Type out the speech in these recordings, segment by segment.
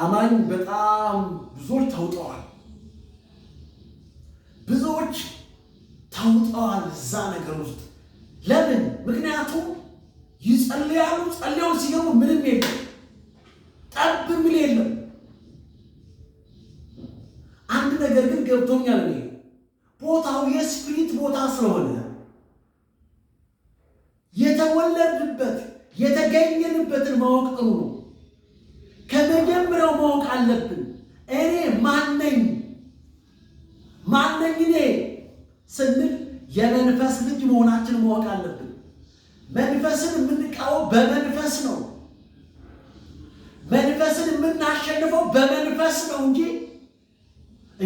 አማኝ በጣም ብዙዎች ተውጠዋል። ብዙዎች ተውጠዋል እዛ ነገር ውስጥ ለምን? ምክንያቱም ይጸልያሉ። ጸልያው ሲገቡ ምንም የለም፣ ጠብ የሚል የለም። አንድ ነገር ግን ገብቶኛል። እኔ ቦታው የስፕሪት ቦታ ስለሆነ የተወለድንበት የተገኘንበትን ማወቅ ጥሩ ነው። መጀመሪያው ማወቅ አለብን። እኔ ማነኝ ማነኝ እኔ ስንል የመንፈስ ልጅ መሆናችን ማወቅ አለብን። መንፈስን የምንቃወው በመንፈስ ነው። መንፈስን የምናሸንፈው በመንፈስ ነው እንጂ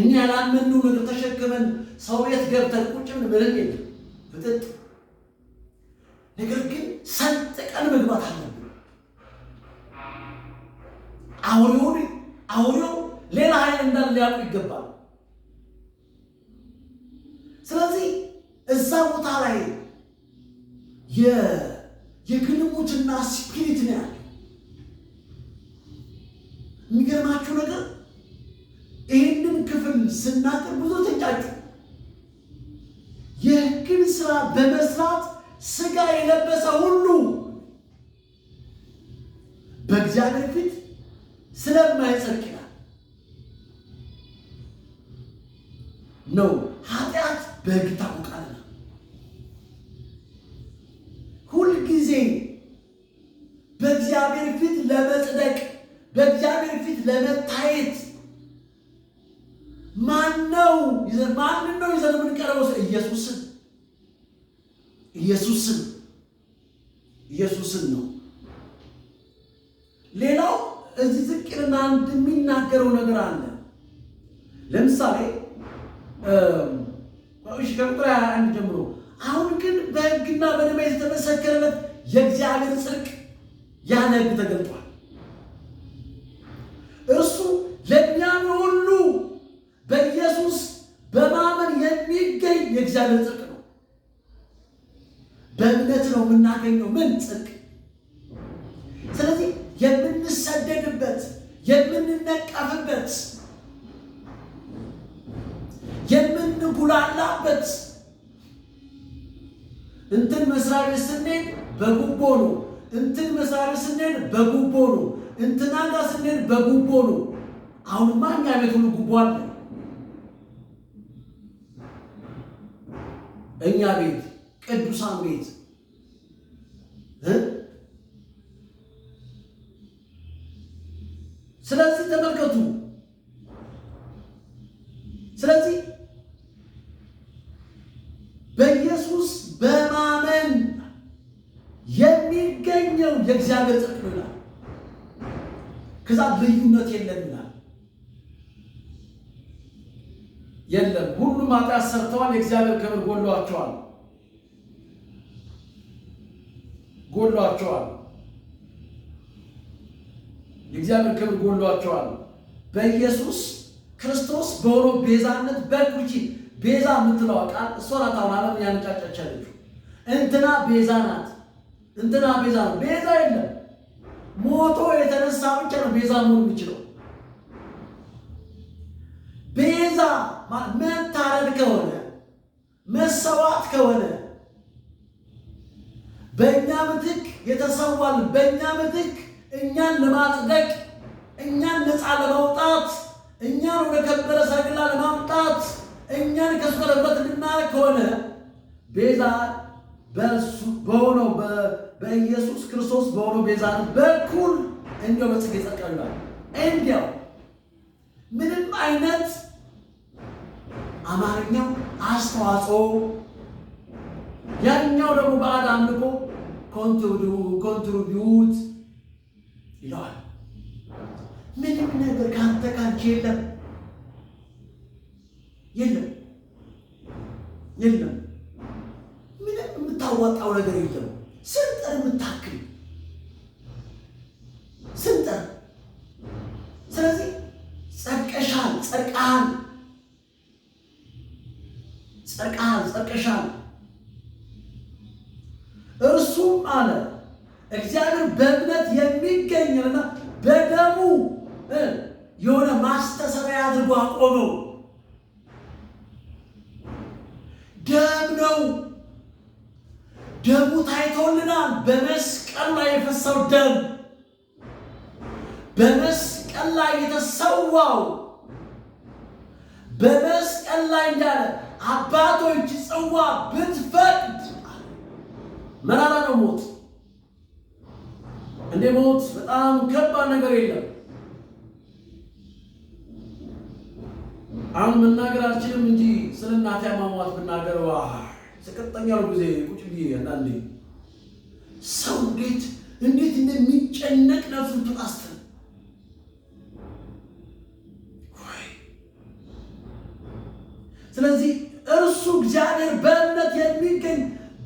እኛ ያላመንነው ነገር ተሸክመን ሰው ቤት ገብተን ቁጭ ምን ምንም የለም ፍጥጥ ነገር ግን ሰንጥቀን መግባት ሊያውቁ ይገባል። ስለዚህ እዛ ቦታ ላይ የግልሙትና ስፒሪት ነው ያለ። የሚገርማችሁ ነገር ይህንን ክፍል ስናገር ብዙ ተጫጩ። የህግን ስራ በመስራት ስጋ የለበሰ ሁሉ በእግዚአብሔር ፊት ስለማይጸድቅ ነው። ኃጢአት በሕግ ታውቃለህ። ሁልጊዜ በእግዚአብሔር ፊት ለመጽደቅ በእግዚአብሔር ፊት ለመታየት ማነው ማንን ነው ይዘን የምንቀርበው? ኢየሱስን ኢየሱስን ኢየሱስን ነው። ሌላው እዚህ አንድ የሚናገረው ነገር አለ። ለምሳሌ እሺ ከቁጥር አንድ ጀምሮ አሁን ግን በሕግና በደም የተመሰከረለት የእግዚአብሔር ጽድቅ ያለ ሕግ ተገልጧል። እርሱ ለሚያምኑ ሁሉ በኢየሱስ በማመን የሚገኝ የእግዚአብሔር ጽድቅ ነው። በእምነት ነው የምናገኘው ምን ጽድቅ። ስለዚህ የምንሰደድበት የምንነቀፍበት የምንጉላላበት እንትን መስሪያ ቤት ስንሄድ በጉቦ ነው። እንትን መስሪያ ቤት ስንሄድ በጉቦ ነው። እንትና ጋር ስንሄድ በጉቦ ነው። አሁንማ እኛ ቤት ሁሉ ጉቦ አለ። እኛ ቤት ቅዱሳን ቤት ስለዚህ ተመልከቱ። ስለዚህ በኢየሱስ በማመን የሚገኘው የእግዚአብሔር ጽድቅ ይላል። ከዛ ልዩነት የለም ይላል። የለም ሁሉም ኃጢአት ሰርተዋል፣ የእግዚአብሔር ክብር ጎሏቸዋል ጎሏቸዋል የእግዚአብሔር ክብር ጎሏቸዋል። በኢየሱስ ክርስቶስ በሆነው ቤዛነት በኩል ቤዛ የምትለዋ ቃል እሷ ናት። አሁን ዓለም ያነጫጫች ያለችው እንትና ቤዛ ናት፣ እንትና ቤዛ ነው። ቤዛ የለም። ሞቶ የተነሳ ብቻ ነው ቤዛ መሆን የሚችለው። ቤዛ መታረድ ከሆነ መሰዋት ከሆነ በእኛ ምትክ የተሰዋል፣ በእኛ ምትክ እኛን ለማጽደቅ እኛን ነፃ ለማውጣት እኛን ወደ ከበረ ሰቅላ ለማምጣት እኛን ከእሱ ቀለበት እንድናርቅ ከሆነ ቤዛ በእሱ በሆነው በኢየሱስ ክርስቶስ በሆነው ቤዛ በኩል እንዲያው በጽጌ ጸድቅ እንዲያው ምንም አይነት አማርኛው አስተዋጽኦ ያኛው ደግሞ በዓል አምልኮ ኮንትሪቢዩት ይለዋል። ምንም ነገር ከአንተ ካንቺ የለም። የለም የለም። ምንም የምታዋጣው ነገር የለም። ስንጠር የምታክል ስንጠር። ስለዚህ ጸድቀሻል፣ ጸድቀሃል፣ ጸድቀሃል፣ ጸድቀሻል። እርሱም አለ እግዚአብሔር በእምነት የሚገኝና በደሙ የሆነ ማስተሰቢያ አድርጎ አቆመው። ደም ነው። ደሙ ታይቶልናል። በመስቀል ላይ የፈሰው ደም በመስቀል ላይ የተሰዋው በመስቀል ላይ እንዳለ አባቶች ጽዋ ብትፈቅድ መራራ ነው ሞት እንደ ሞት በጣም ከባድ ነገር የለም። አሁን መናገራችንም እንጂ ስለ እናቴ አሟሟት ብናገር ስቀጠኛው ጊዜ ቁጭ ብዬ አንዳንዴ ሰው እንዴት እንዴት እንደሚጨነቅ ነፍሱን ትጣስትል ስለዚህ እርሱ እግዚአብሔር በእምነት የሚገኝ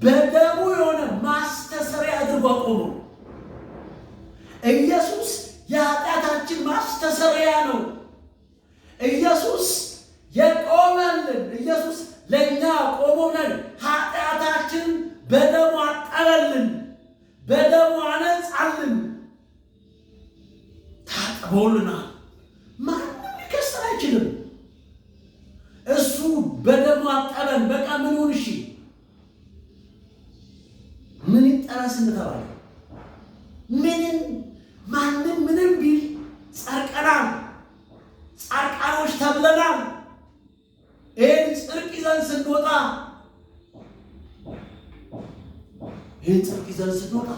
በደሙ የሆነ ማስተሰሪያ አድርጎ አቆመ። ኢየሱስ የኃጢአታችን ማስተሰሪያ ነው። ኢየሱስ የቆመልን ኢየሱስ ለእኛ ይዘን ስንወጣ ይህን ጽድቅ ይዘን ስንወጣ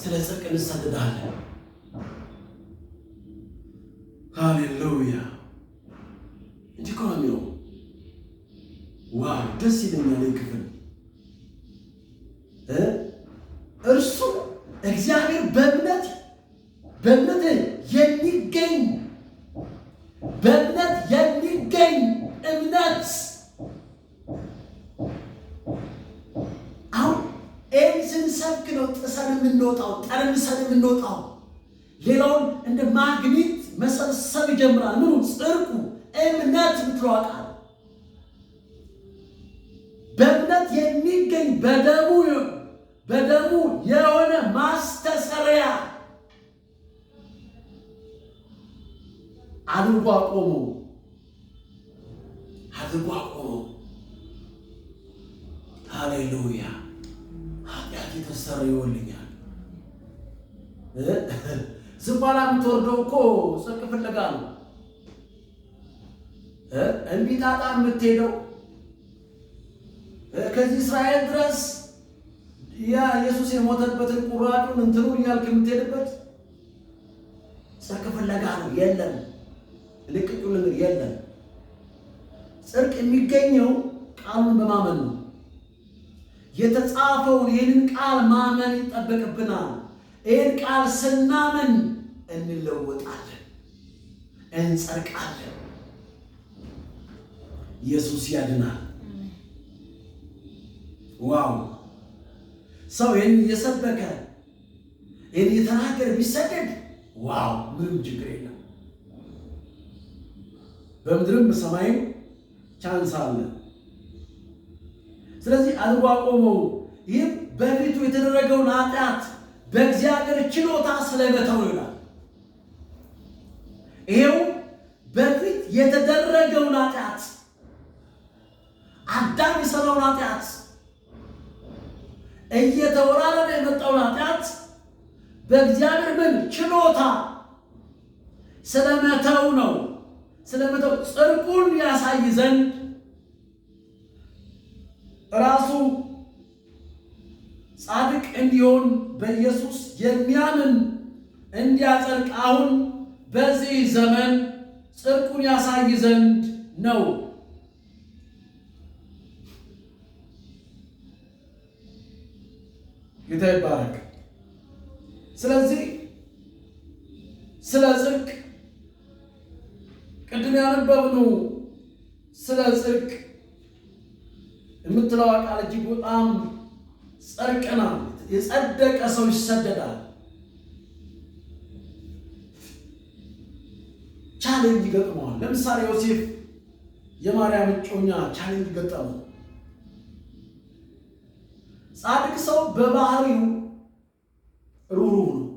ስለ ጽድቅ እንሰደዳለን። ሃሌሉያ። እንዲህ እኮ ነው የሚለው። ዋው ደስ ይለኛል ይህ ክፍል። እርሱ እግዚአብሔር በእምነት በእምነት የሚገኝ ቀንሰን የምንወጣው። ሌላውን እንደ ማግኔት መሰብሰብ ይጀምራል። ምኑ ጽርቁ እምነት ምትለዋቃል በእምነት የሚገኝ በደሙ በደሙ የሆነ ማስተሰሪያ አድርጎ አቆመው። የምትወርደው እኮ ጽድቅ ፍለጋ ነው። እንቢታጣ የምትሄደው ከዚህ እስራኤል ድረስ ያ ኢየሱስ የሞተበትን ቁራጩን እንትኑ እያልክ የምትሄድበት ጽድቅ ፍለጋ ነው። የለም ልቅጩ ልምር የለም። ጽድቅ የሚገኘው ቃሉን በማመን ነው። የተጻፈውን ይህንን ቃል ማመን ይጠበቅብናል። ይህን ቃል ስናምን እንለወጣለን፣ እንጸድቃለን። ኢየሱስ ያድናል። ዋው! ሰው ይህን እየሰበከ ይህን እየተናገረ ቢሰደድ ዋው! ምንም ችግር የለም። በምድርም በሰማይም ቻንስ አለ። ስለዚህ አልዋቆመው ይህም በፊቱ የተደረገውን ኃጢአት በእግዚአብሔር ችሎታ ስለመተው ይሆናል። ይሄው በፊት የተደረገውን ኃጢአት አዳም የሰራውን ኃጢአት እየተወራረደ የመጣውን ኃጢአት በእግዚአብሔር ምን ችሎታ ስለመተው ነው። ስለመተው ጽድቁን ያሳይ ዘንድ ራሱ ጻድቅ እንዲሆን በኢየሱስ የሚያምን እንዲያጸድቅ አሁን በዚህ ዘመን ጽድቁን ያሳይ ዘንድ ነው። ጌታ ይባረክ። ስለዚህ ስለ ጽድቅ ቅድም ያነበብነው ስለ ጽድቅ የምትለዋ ቃል እጅግ በጣም ጸድቀናል። የጸደቀ ሰው ይሰደዳል። ቻሌንጅ ይገጥመዋል። ለምሳሌ ዮሴፍ የማርያም እጮኛ ቻሌንጅ ገጠመው። ጻድቅ ሰው በባህሪው ሩሩ ነው።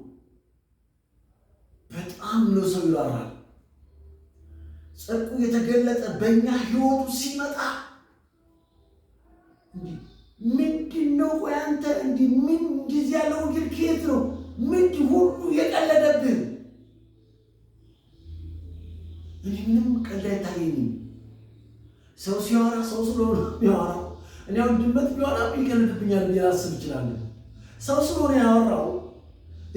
በጣም ነው ሰው ይራራል። ጽድቁ የተገለጠ በእኛ ህይወቱ ሲመጣ ምንድን ነው? ቆይ አንተ እንዲህ ምን ጊዜ ያለው ግል ከየት ነው? ምንድን ሁሉ የቀለደብህ ምንም ቀልድ አይታየኝም። ሰው ሲያወራ ሰው ስለሆነ የሚያወራው እኔ አሁን ድመት ቢሆን ይቀልድብኛል ብዬ ላስብ እችላለሁ። ሰው ስለሆነ ያወራው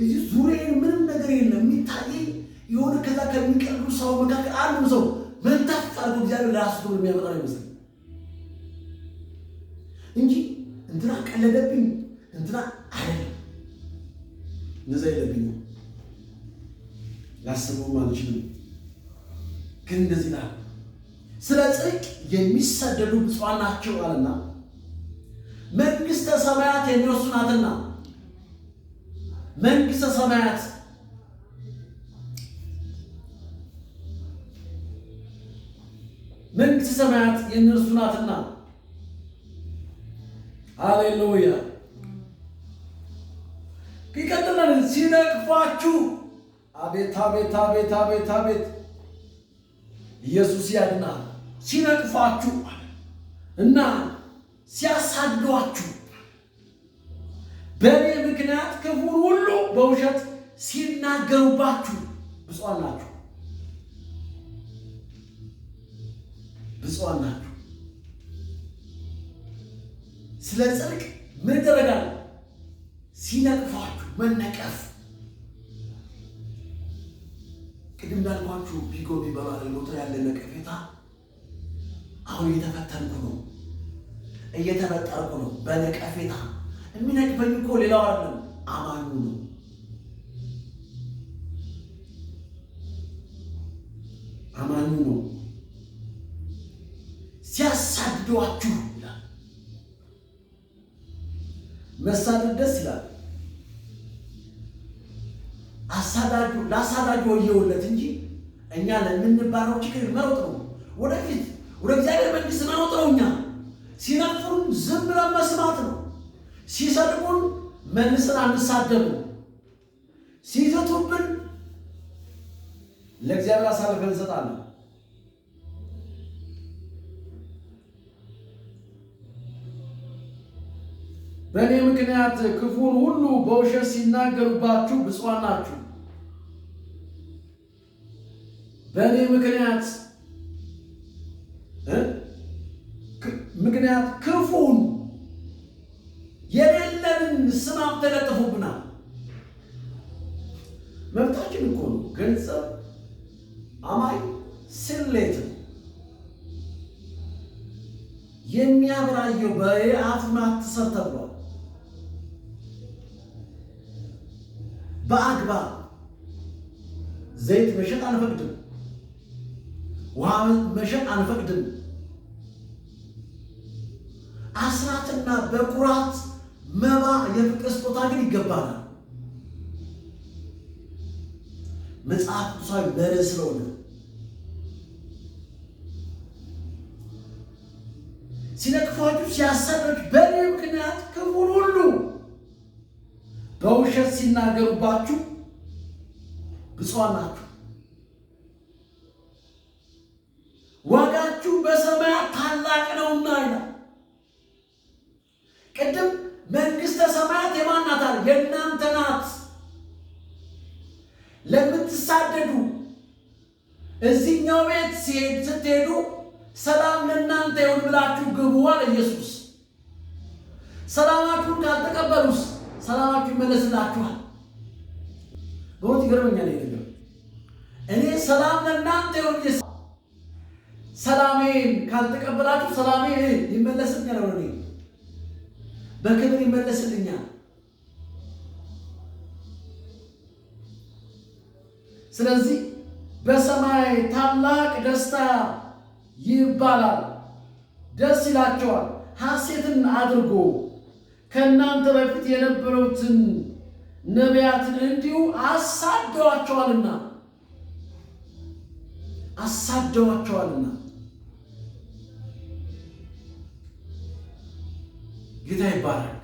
እዚህ ዙሪያዬን ምንም ነገር የለም የሚታየኝ የሆነ ከዛ ከሚቀልዱ ሰው መካከል አንዱ ሰው መንታፍ አድርጎ እግዚአብሔር ለራሱ የሚያመጣ ይመስል እንጂ እንትና ቀለደብኝ እንትና አይደለም እንደዛ የለብኝም ላስበውም አልችልም። ግን እንደዚህ ላል ስለ ጽድቅ የሚሰደዱ ብፁዓን ናቸው አለና መንግስተ ሰማያት የሚወርሱ ናትና። መንግስተ ሰማያት መንግስተ ሰማያት የእነርሱ ናትና። አሌሉያ። ይቀጥላል ሲነቅፏችሁ አቤት አቤት አቤት አቤት አቤት ኢየሱስ ያድና ሲነቅፏችሁ እና ሲያሳድዷችሁ በእኔ ምክንያት ክፉን ሁሉ በውሸት ሲናገሩባችሁ ብፁዓን ናችሁ፣ ብፁዓን ናችሁ። ስለ ጽድቅ ምን ደረጋል? ሲነቅፏችሁ መነቀፍ ቅድም እንዳልኳችሁ ቢጎ በባህል ሞት ያለ ነቀፌታ አሁን እየተፈተንኩ ነው፣ እየተበጠርኩ ነው በነቀፌታ። የሚነቅፈኝ እኮ ሌላው አይደለም አማኙ ነው። አማኙ ነው። ሲያሳድዷችሁ ይላል። መሳደድ ደስ ይላል። አሳዳጁ ለአሳዳጁ ወየውለት እንጂ እኛ ለምንባለው ችግር መሮጥ ነው። ወደፊት ወደ እግዚአብሔር መንግስት መሮጥ እኛ ሲነፍሩን ዝም ብለን መስማት ነው። ሲሰድቡን መንስን አንሳደቡ። ሲዘቱብን ለእግዚአብሔር አሳልፈን እንሰጣለን። በእኔ ምክንያት ክፉን ሁሉ በውሸት ሲናገሩባችሁ ብፁዓን ናችሁ። በእኔ ምክንያት ምክንያት ክፉን የሌለንን ስማም ተለጥፉብናል። መብታችን እኮ ነው። ገንዘብ አማይ ስሌት የሚያብራየው በአትማት በአቱን ተብሏል። በአግባብ ዘይት መሸጥ አንፈቅድም። ውሃን መሸጥ አንፈቅድም አስራትና በኩራት መባ የፍቅር ስጦታ ግን ይገባናል። መጽሐፍ ቅዱሳዊ መርህ ስለሆነ ሲነቅፏችሁ፣ ሲያሰሩት በእኔ ምክንያት ክፉን ሁሉ በውሸት ሲናገሩባችሁ ብፁዓን ናችሁ። አያቅደውና ይላል። ቅድም መንግስተ ሰማያት የማናታል የእናንተ ናት። ለምትሳደዱ እዚህኛው ቤት ስትሄዱ ሰላም ለእናንተ ይሁን ብላችሁ ግቡ አለ ኢየሱስ። ሰላማችሁን ካልተቀበሉስ ሰላማችሁ ይመለስላችኋል። በእውነት ይገርመኛል። እኔ ሰላም ለእናንተ ይሁን ሰላሜን ካልተቀበላችሁ ሰላሜ ይመለስልኛል፣ ወደ በክብር ይመለስልኛል። ስለዚህ በሰማይ ታላቅ ደስታ ይባላል። ደስ ይላቸዋል፣ ሐሴትን አድርጎ ከእናንተ በፊት የነበሩትን ነቢያትን እንዲሁ አሳደዋቸዋልና አሳደዋቸዋልና ጌታ ይባላል።